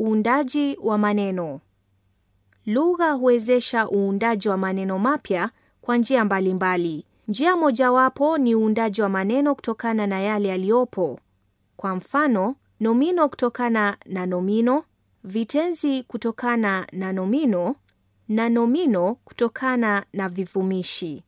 Uundaji wa maneno. Lugha huwezesha uundaji wa maneno mapya kwa njia mbalimbali. Njia mojawapo ni uundaji wa maneno kutokana na yale yaliyopo. Kwa mfano, nomino kutokana na nomino, vitenzi kutokana na nomino na nomino kutokana na vivumishi.